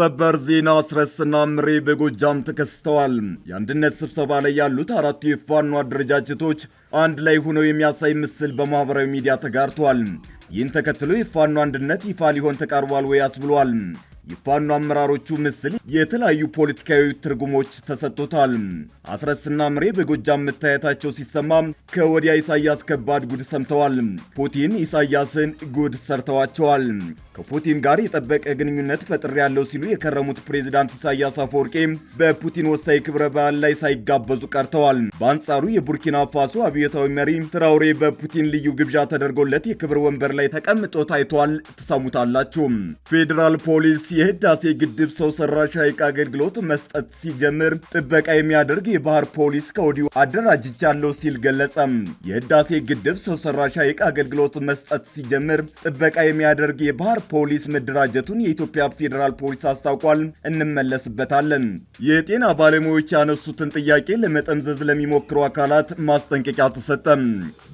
ሰበር ዜና አስረስና ምሬ በጎጃም ተከስተዋል። የአንድነት ስብሰባ ላይ ያሉት አራቱ የፋኖ አደረጃጀቶች አንድ ላይ ሆነው የሚያሳይ ምስል በማኅበራዊ ሚዲያ ተጋርቷል። ይህን ተከትሎ የፋኖ አንድነት ይፋ ሊሆን ተቃርቧል ወያስ ብሏል። የፋኖ አመራሮቹ ምስል የተለያዩ ፖለቲካዊ ትርጉሞች ተሰጥቶታል። አስረስና ምሬ በጎጃም መታየታቸው ሲሰማ ከወዲያ ኢሳያስ ከባድ ጉድ ሰምተዋል። ፑቲን ኢሳያስን ጉድ ሰርተዋቸዋል። ከፑቲን ጋር የጠበቀ ግንኙነት ፈጥር ያለው ሲሉ የከረሙት ፕሬዚዳንት ኢሳያስ አፈወርቄ በፑቲን ወሳኝ ክብረ በዓል ላይ ሳይጋበዙ ቀርተዋል። በአንጻሩ የቡርኪና ፋሶ አብዮታዊ መሪ ትራውሬ በፑቲን ልዩ ግብዣ ተደርጎለት የክብር ወንበር ላይ ተቀምጦ ታይቷል። ትሰሙታላችሁ። ፌዴራል ፖሊስ የህዳሴ ግድብ ሰው ሰራሽ ሐይቅ አገልግሎት መስጠት ሲጀምር ጥበቃ የሚያደርግ የባህር ፖሊስ ከወዲሁ አደራጅቻለሁ ሲል ገለጸም። የህዳሴ ግድብ ሰው ሰራሽ ሐይቅ አገልግሎት መስጠት ሲጀምር ጥበቃ የሚያደርግ የባህር ፖሊስ መደራጀቱን የኢትዮጵያ ፌዴራል ፖሊስ አስታውቋል። እንመለስበታለን። የጤና ባለሙያዎች ያነሱትን ጥያቄ ለመጠምዘዝ ለሚሞክሩ አካላት ማስጠንቀቂያ ተሰጠም።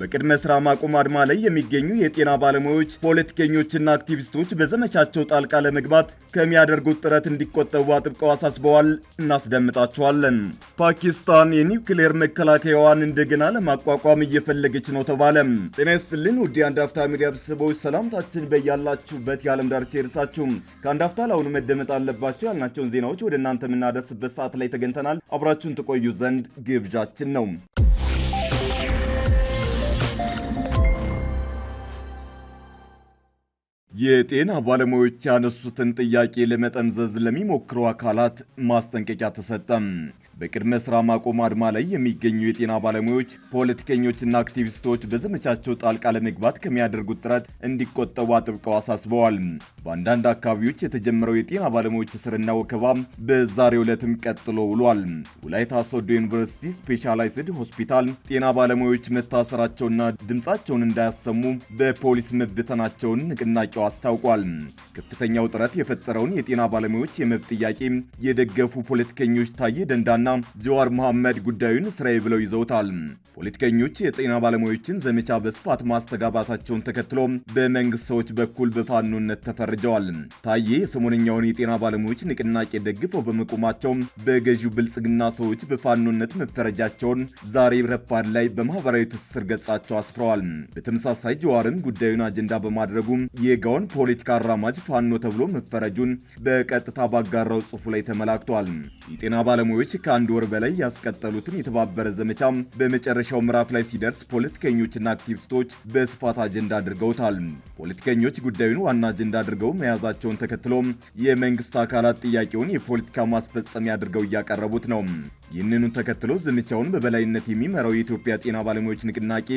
በቅድመ ስራ ማቆም አድማ ላይ የሚገኙ የጤና ባለሙያዎች ፖለቲከኞችና አክቲቪስቶች በዘመቻቸው ጣልቃ ለመግባት ከሚያደርጉት ጥረት እንዲቆጠቡ አጥብቀው አሳስበዋል። እናስደምጣቸዋለን። ፓኪስታን የኒውክሌር መከላከያዋን እንደገና ለማቋቋም እየፈለገች ነው ተባለ። ጤና ይስጥልን ውድ የአንድ አፍታ ሚዲያ ቤተሰቦች ሰላምታችን በያላችሁበት የዓለም ዳርቻ ይድረሳችሁ። ከአንድ አፍታ ለአሁኑ መደመጥ አለባቸው ያልናቸውን ዜናዎች ወደ እናንተ የምናደርስበት ሰዓት ላይ ተገኝተናል። አብራችሁን ትቆዩ ዘንድ ግብዣችን ነው። የጤና ባለሙያዎች ያነሱትን ጥያቄ ለመጠምዘዝ ለሚሞክሩ አካላት ማስጠንቀቂያ ተሰጠም። በቅድመ ስራ ማቆም አድማ ላይ የሚገኙ የጤና ባለሙያዎች፣ ፖለቲከኞችና አክቲቪስቶች በዘመቻቸው ጣልቃ ለመግባት ከሚያደርጉት ጥረት እንዲቆጠቡ አጥብቀው አሳስበዋል። በአንዳንድ አካባቢዎች የተጀመረው የጤና ባለሙያዎች እስርና ወከባ በዛሬው ዕለትም ቀጥሎ ውሏል። ወላይታ ሶዶ ዩኒቨርሲቲ ስፔሻላይዝድ ሆስፒታል ጤና ባለሙያዎች መታሰራቸውና ድምፃቸውን እንዳያሰሙ በፖሊስ መበተናቸውን ንቅናቄው አስታውቋል። ከፍተኛው ጥረት የፈጠረውን የጤና ባለሙያዎች የመብት ጥያቄ የደገፉ ፖለቲከኞች ታዬ ደንዳና አብይና ጀዋር መሐመድ ጉዳዩን ስራዬ ብለው ይዘውታል። ፖለቲከኞች የጤና ባለሙያዎችን ዘመቻ በስፋት ማስተጋባታቸውን ተከትሎ በመንግስት ሰዎች በኩል በፋኖነት ተፈርጀዋል። ታዬ የሰሞነኛውን የጤና ባለሙያዎች ንቅናቄ ደግፈው በመቆማቸው በገዢው ብልጽግና ሰዎች በፋኖነት መፈረጃቸውን ዛሬ ረፋድ ላይ በማህበራዊ ትስስር ገጻቸው አስፍረዋል። በተመሳሳይ ጀዋርን ጉዳዩን አጀንዳ በማድረጉ የጋውን ፖለቲካ አራማጅ ፋኖ ተብሎ መፈረጁን በቀጥታ ባጋራው ጽሑፉ ላይ ተመላክቷል። የጤና ባለሙያዎች ከ ከአንድ ወር በላይ ያስቀጠሉትን የተባበረ ዘመቻ በመጨረሻው ምዕራፍ ላይ ሲደርስ ፖለቲከኞችና አክቲቪስቶች በስፋት አጀንዳ አድርገውታል። ፖለቲከኞች ጉዳዩን ዋና አጀንዳ አድርገው መያዛቸውን ተከትሎ የመንግስት አካላት ጥያቄውን የፖለቲካ ማስፈጸሚያ አድርገው እያቀረቡት ነው። ይህንኑ ተከትሎ ዘመቻውን በበላይነት የሚመራው የኢትዮጵያ ጤና ባለሙያዎች ንቅናቄ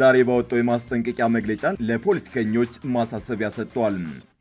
ዛሬ ባወጣው የማስጠንቀቂያ መግለጫ ለፖለቲከኞች ማሳሰቢያ ሰጥቷል።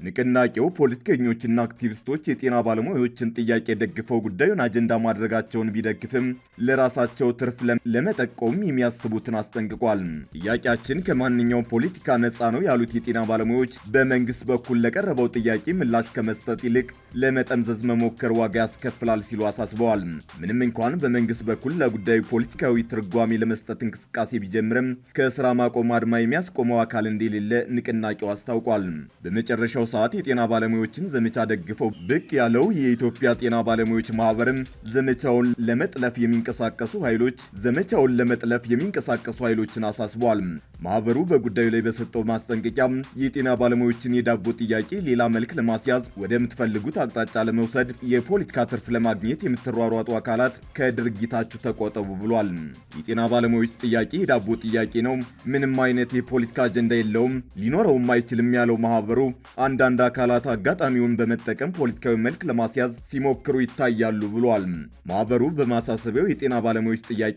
ንቅናቄው ፖለቲከኞችና አክቲቪስቶች የጤና ባለሙያዎችን ጥያቄ ደግፈው ጉዳዩን አጀንዳ ማድረጋቸውን ቢደግፍም ለራሳቸው ትርፍ ለመጠቆም የሚያስቡትን አስጠንቅቋል። ጥያቄያችን ከማንኛውም ፖለቲካ ነፃ ነው ያሉት የጤና ባለሙያዎች በመንግስት በኩል ለቀረበው ጥያቄ ምላሽ ከመስጠት ይልቅ ለመጠምዘዝ መሞከር ዋጋ ያስከፍላል ሲሉ አሳስበዋል። ምንም እንኳን በመንግስት በኩል ለጉዳዩ ፖለቲካዊ ትርጓሜ ለመስጠት እንቅስቃሴ ቢጀምርም ከስራ ማቆም አድማ የሚያስቆመው አካል እንደሌለ ንቅናቄው አስታውቋል። በመጨረሻው ሰዓት የጤና ባለሙያዎችን ዘመቻ ደግፈው ብቅ ያለው የኢትዮጵያ ጤና ባለሙያዎች ማህበርም ዘመቻውን ለመጥለፍ የሚንቀሳቀሱ ኃይሎች ዘመቻውን ለመጥለፍ የሚንቀሳቀሱ ኃይሎችን አሳስቧል። ማህበሩ በጉዳዩ ላይ በሰጠው ማስጠንቀቂያ የጤና ባለሙያዎችን የዳቦ ጥያቄ ሌላ መልክ ለማስያዝ ወደምትፈልጉት አቅጣጫ ለመውሰድ የፖለቲካ ትርፍ ለማግኘት የምትሯሯጡ አካላት ከድርጊታችሁ ተቆጠቡ ብሏል። የጤና ባለሙያዎች ጥያቄ የዳቦ ጥያቄ ነው፣ ምንም አይነት የፖለቲካ አጀንዳ የለውም፣ ሊኖረውም አይችልም ያለው ማህበሩ አንዳንድ አካላት አጋጣሚውን በመጠቀም ፖለቲካዊ መልክ ለማስያዝ ሲሞክሩ ይታያሉ ብሏል። ማህበሩ በማሳሰቢያው የጤና ባለሙያዎች ጥያቄ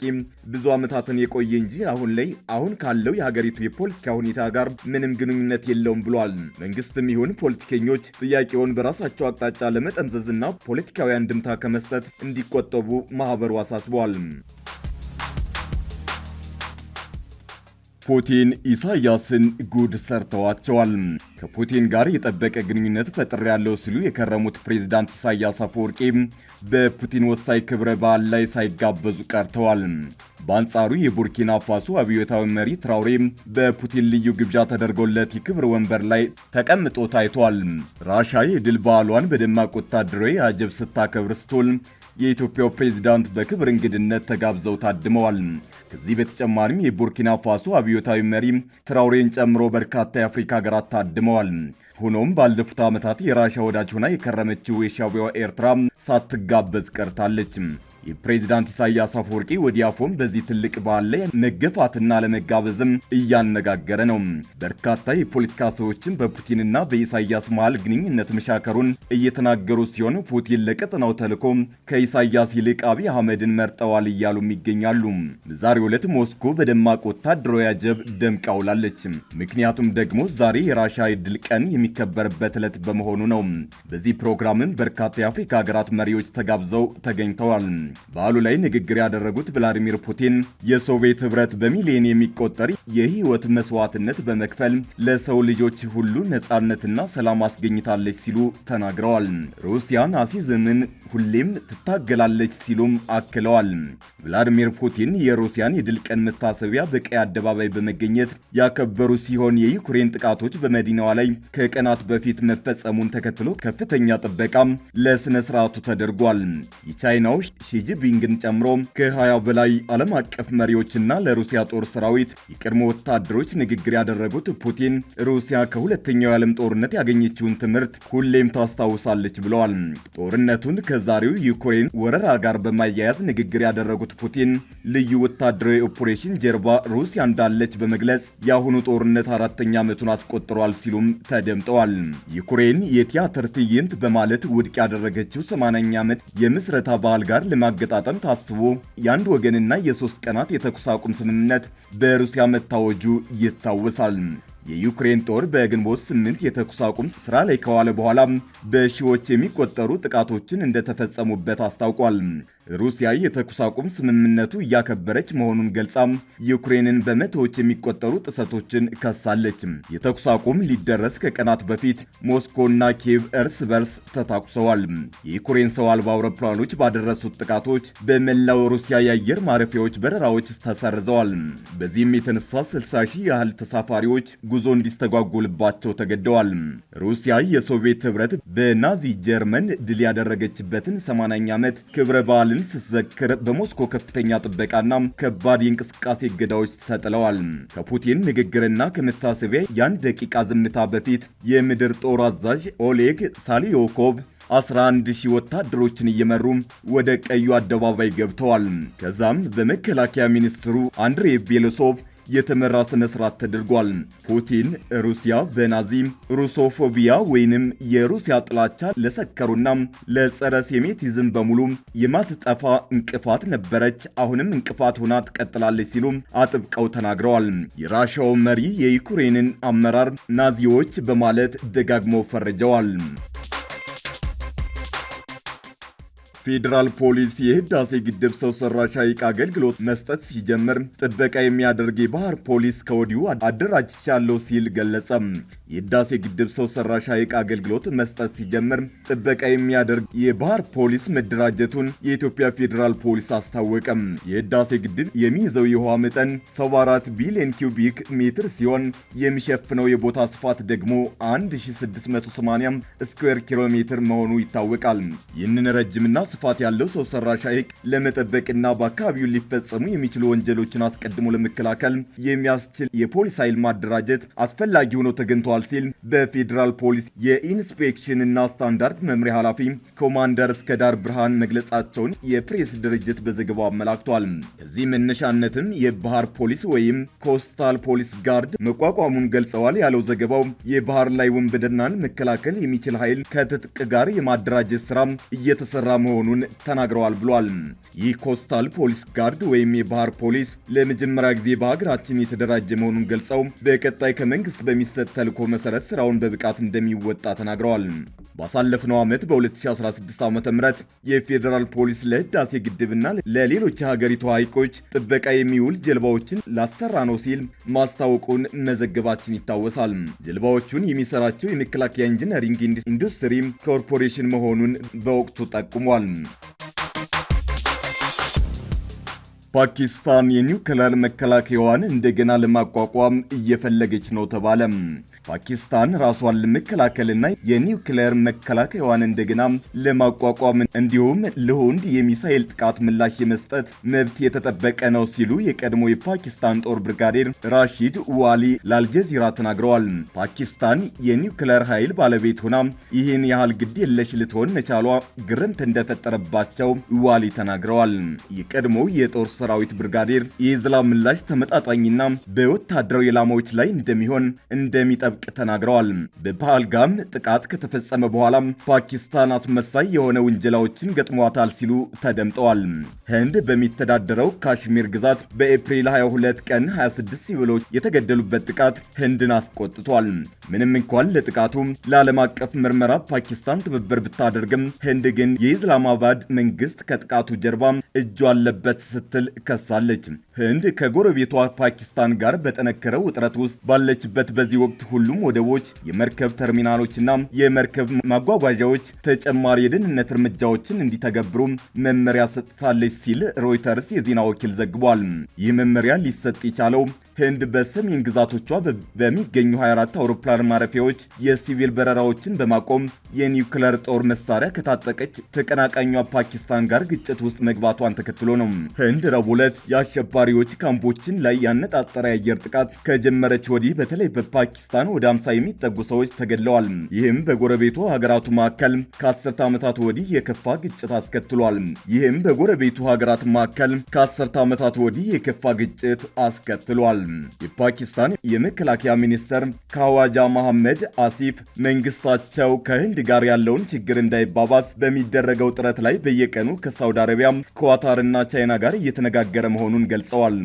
ብዙ ዓመታትን የቆየ እንጂ አሁን ላይ አሁን ካለው የሀገሪቱ የፖለቲካ ሁኔታ ጋር ምንም ግንኙነት የለውም ብሏል። መንግስትም ይሁን ፖለቲከኞች ጥያቄውን በራሳቸው አቅጣጫ ለመጠምዘዝና ፖለቲካዊ አንድምታ ከመስጠት እንዲቆጠቡ ማህበሩ አሳስበዋል። ፑቲን ኢሳያስን ጉድ ሰርተዋቸዋል። ከፑቲን ጋር የጠበቀ ግንኙነት ፈጥር ያለው ሲሉ የከረሙት ፕሬዚዳንት ኢሳያስ አፈወርቂ በፑቲን ወሳኝ ክብረ በዓል ላይ ሳይጋበዙ ቀርተዋል። በአንጻሩ የቡርኪና ፋሶ አብዮታዊ መሪ ትራውሬ በፑቲን ልዩ ግብዣ ተደርጎለት የክብር ወንበር ላይ ተቀምጦ ታይቷል። ራሻ የድል በዓሏን በደማቅ ወታደራዊ አጀብ ስታከብር ስቶል የኢትዮጵያው ፕሬዝዳንት በክብር እንግድነት ተጋብዘው ታድመዋል። ከዚህ በተጨማሪም የቡርኪና ፋሶ አብዮታዊ መሪ ትራውሬን ጨምሮ በርካታ የአፍሪካ ሀገራት ታድመዋል። ሆኖም ባለፉት ዓመታት የራሻ ወዳጅ ሆና የከረመችው የሻቢያዋ ኤርትራ ሳትጋበዝ ቀርታለች። የፕሬዚዳንት ኢሳያስ አፈወርቂ ወዲያፎም በዚህ ትልቅ በዓል ላይ መገፋትና ለመጋበዝም እያነጋገረ ነው። በርካታ የፖለቲካ ሰዎችም በፑቲንና በኢሳያስ መሃል ግንኙነት መሻከሩን እየተናገሩ ሲሆን ፑቲን ለቀጠናው ተልኮ ከኢሳያስ ይልቅ አብይ አህመድን መርጠዋል እያሉም ይገኛሉ። ዛሬ ዕለት ሞስኮ በደማቅ ወታደራዊ አጀብ ደምቃ ውላለች። ምክንያቱም ደግሞ ዛሬ የራሻ የድል ቀን የሚከበርበት ዕለት በመሆኑ ነው። በዚህ ፕሮግራምም በርካታ የአፍሪካ ሀገራት መሪዎች ተጋብዘው ተገኝተዋል። በዓሉ ላይ ንግግር ያደረጉት ቭላዲሚር ፑቲን የሶቪየት ህብረት በሚሊዮን የሚቆጠር የህይወት መስዋዕትነት በመክፈል ለሰው ልጆች ሁሉ ነጻነትና ሰላም አስገኝታለች ሲሉ ተናግረዋል። ሩሲያ ናሲዝምን ሁሌም ትታገላለች ሲሉም አክለዋል። ቭላዲሚር ፑቲን የሩሲያን የድል ቀን መታሰቢያ በቀይ አደባባይ በመገኘት ያከበሩ ሲሆን የዩክሬን ጥቃቶች በመዲናዋ ላይ ከቀናት በፊት መፈጸሙን ተከትሎ ከፍተኛ ጥበቃ ለስነ ስርዓቱ ተደርጓል። የቻይናው ሺ ቢጂፒንግን ጨምሮ ከ20 በላይ ዓለም አቀፍ መሪዎችና ለሩሲያ ጦር ሰራዊት የቀድሞ ወታደሮች ንግግር ያደረጉት ፑቲን ሩሲያ ከሁለተኛው የዓለም ጦርነት ያገኘችውን ትምህርት ሁሌም ታስታውሳለች ብለዋል። ጦርነቱን ከዛሬው ዩክሬን ወረራ ጋር በማያያዝ ንግግር ያደረጉት ፑቲን ልዩ ወታደራዊ ኦፕሬሽን ጀርባ ሩሲያ እንዳለች በመግለጽ የአሁኑ ጦርነት አራተኛ ዓመቱን አስቆጥሯል ሲሉም ተደምጠዋል። ዩክሬን የቲያትር ትዕይንት በማለት ውድቅ ያደረገችው 80ኛ ዓመት የምስረታ ባህል ጋር ልማ አገጣጠም ታስቦ የአንድ ወገንና የሶስት ቀናት የተኩስ አቁም ስምምነት በሩሲያ መታወጁ ይታወሳል። የዩክሬን ጦር በግንቦት ስምንት የተኩስ አቁም ስራ ላይ ከዋለ በኋላ በሺዎች የሚቆጠሩ ጥቃቶችን እንደተፈጸሙበት አስታውቋል። ሩሲያ የተኩስ አቁም ስምምነቱ እያከበረች መሆኑን ገልጻም ዩክሬንን በመቶዎች የሚቆጠሩ ጥሰቶችን ከሳለች። የተኩስ አቁም ሊደረስ ከቀናት በፊት ሞስኮና ኪየቭ እርስ በርስ ተታኩሰዋል። የዩክሬን ሰው አልባ አውሮፕላኖች ባደረሱት ጥቃቶች በመላው ሩሲያ የአየር ማረፊያዎች በረራዎች ተሰርዘዋል። በዚህም የተነሳ 60 ሺህ ያህል ተሳፋሪዎች ጉዞ እንዲስተጓጎልባቸው ተገደዋል። ሩሲያ የሶቪየት ህብረት በናዚ ጀርመን ድል ያደረገችበትን 80ኛ ዓመት ክብረ በዓል በዓልን ስትዘክር በሞስኮ ከፍተኛ ጥበቃና ከባድ የእንቅስቃሴ እገዳዎች ተጥለዋል። ከፑቲን ንግግርና ከመታሰቢያ የአንድ ደቂቃ ዝምታ በፊት የምድር ጦር አዛዥ ኦሌግ ሳሊዮኮቭ 11 ሺህ ወታደሮችን እየመሩ ወደ ቀዩ አደባባይ ገብተዋል። ከዛም በመከላከያ ሚኒስትሩ አንድሬ ቤሎሶቭ የተመራ ስነ ስርዓት ተደርጓል። ፑቲን ሩሲያ በናዚ ሩሶፎቢያ ወይንም የሩሲያ ጥላቻ ለሰከሩና ለጸረ ሴሜቲዝም በሙሉ የማትጠፋ እንቅፋት ነበረች፣ አሁንም እንቅፋት ሆና ትቀጥላለች ሲሉ አጥብቀው ተናግረዋል። የራሻው መሪ የዩክሬንን አመራር ናዚዎች በማለት ደጋግመው ፈርጀዋል። ፌዴራል ፖሊስ የህዳሴ ግድብ ሰው ሰራሽ ሐይቅ አገልግሎት መስጠት ሲጀምር ጥበቃ የሚያደርግ የባህር ፖሊስ ከወዲሁ አደራጅቻለሁ ሲል ገለጸም። የህዳሴ ግድብ ሰው ሰራሽ ሐይቅ አገልግሎት መስጠት ሲጀምር ጥበቃ የሚያደርግ የባህር ፖሊስ መደራጀቱን የኢትዮጵያ ፌዴራል ፖሊስ አስታወቀም። የህዳሴ ግድብ የሚይዘው የውሃ መጠን 74 ቢሊዮን ኪዩቢክ ሜትር ሲሆን የሚሸፍነው የቦታ ስፋት ደግሞ 1680 ስኩዌር ኪሎ ሜትር መሆኑ ይታወቃል። ይህንን ረጅምና ስፋት ያለው ሰው ሰራሽ ሐይቅ ለመጠበቅና በአካባቢው ሊፈጸሙ የሚችሉ ወንጀሎችን አስቀድሞ ለመከላከል የሚያስችል የፖሊስ ኃይል ማደራጀት አስፈላጊ ሆኖ ተገኝቷል ተደርጓል ሲል በፌዴራል ፖሊስ የኢንስፔክሽንና ስታንዳርድ መምሪያ ኃላፊ ኮማንደር እስከዳር ብርሃን መግለጻቸውን የፕሬስ ድርጅት በዘገባው አመላክቷል። ከዚህ መነሻነትም የባህር ፖሊስ ወይም ኮስታል ፖሊስ ጋርድ መቋቋሙን ገልጸዋል ያለው ዘገባው የባህር ላይ ወንብድናን መከላከል የሚችል ኃይል ከትጥቅ ጋር የማደራጀት ስራ እየተሰራ መሆኑን ተናግረዋል ብሏል። ይህ ኮስታል ፖሊስ ጋርድ ወይም የባህር ፖሊስ ለመጀመሪያ ጊዜ በሀገራችን የተደራጀ መሆኑን ገልጸው በቀጣይ ከመንግስት በሚሰጥ ተልዕኮ መሰረት ስራውን በብቃት እንደሚወጣ ተናግረዋል። ባሳለፍነው ዓመት በ2016 ዓ ም የፌዴራል ፖሊስ ለህዳሴ ግድብና ለሌሎች የሀገሪቱ ሐይቆች ጥበቃ የሚውል ጀልባዎችን ላሰራ ነው ሲል ማስታወቁን መዘገባችን ይታወሳል። ጀልባዎቹን የሚሰራቸው የመከላከያ ኢንጂነሪንግ ኢንዱስትሪ ኮርፖሬሽን መሆኑን በወቅቱ ጠቁሟል። ፓኪስታን የኒውክለር መከላከያዋን እንደገና ለማቋቋም እየፈለገች ነው ተባለ። ፓኪስታን ራሷን ለመከላከልና የኒውክለር መከላከያዋን እንደገና ለማቋቋም እንዲሁም ለህንድ የሚሳኤል ጥቃት ምላሽ የመስጠት መብት የተጠበቀ ነው ሲሉ የቀድሞ የፓኪስታን ጦር ብርጋዴር ራሺድ ዋሊ ለአልጀዚራ ተናግረዋል። ፓኪስታን የኒውክለር ኃይል ባለቤት ሆና ይህን ያህል ግድ የለሽ ልትሆን መቻሏ ግርምት እንደፈጠረባቸው ዋሊ ተናግረዋል። የቀድሞ የጦር ሰራዊት ብርጋዴር የዝላ ምላሽ ተመጣጣኝና በወታደራዊ ኢላማዎች ላይ እንደሚሆን እንደሚጠብቅ ተናግረዋል። በፓልጋም ጥቃት ከተፈጸመ በኋላ ፓኪስታን አስመሳይ የሆነ ውንጀላዎችን ገጥሟታል ሲሉ ተደምጠዋል። ህንድ በሚተዳደረው ካሽሚር ግዛት በኤፕሪል 22 ቀን 26 ሲቪሎች የተገደሉበት ጥቃት ህንድን አስቆጥቷል። ምንም እንኳን ለጥቃቱ ለዓለም አቀፍ ምርመራ ፓኪስታን ትብብር ብታደርግም ህንድ ግን የኢስላማባድ መንግስት ከጥቃቱ ጀርባ እጁ አለበት ስትል ከሳለች። ህንድ ከጎረቤቷ ፓኪስታን ጋር በጠነከረው ውጥረት ውስጥ ባለችበት በዚህ ወቅት ሁሉም ወደቦች፣ የመርከብ ተርሚናሎችና የመርከብ ማጓጓዣዎች ተጨማሪ የደህንነት እርምጃዎችን እንዲተገብሩ መመሪያ ሰጥታለች ሲል ሮይተርስ የዜና ወኪል ዘግቧል። ይህ መመሪያ ሊሰጥ የቻለው ህንድ በሰሜን ግዛቶቿ በሚገኙ 24 አውሮፕላን ማረፊያዎች የሲቪል በረራዎችን በማቆም የኒውክለር ጦር መሳሪያ ከታጠቀች ተቀናቃኟ ፓኪስታን ጋር ግጭት ውስጥ መግባቷን ተከትሎ ነው። ህንድ ረቡዕ ዕለት የአሸባሪ ተሽከርካሪዎች ካምፖችን ላይ ያነጣጠረ የአየር ጥቃት ከጀመረች ወዲህ በተለይ በፓኪስታን ወደ 50 የሚጠጉ ሰዎች ተገድለዋል። ይህም በጎረቤቱ ሀገራቱ መካከል ከአስርተ ዓመታት ወዲህ የከፋ ግጭት አስከትሏል። ይህም በጎረቤቱ ሀገራት መካከል ከአስርተ ዓመታት ወዲህ የከፋ ግጭት አስከትሏል። የፓኪስታን የመከላከያ ሚኒስተር ካዋጃ መሐመድ አሲፍ መንግስታቸው ከህንድ ጋር ያለውን ችግር እንዳይባባስ በሚደረገው ጥረት ላይ በየቀኑ ከሳውዲ አረቢያ ከዋታርና ቻይና ጋር እየተነጋገረ መሆኑን ገልጸዋል። ገልጸዋል።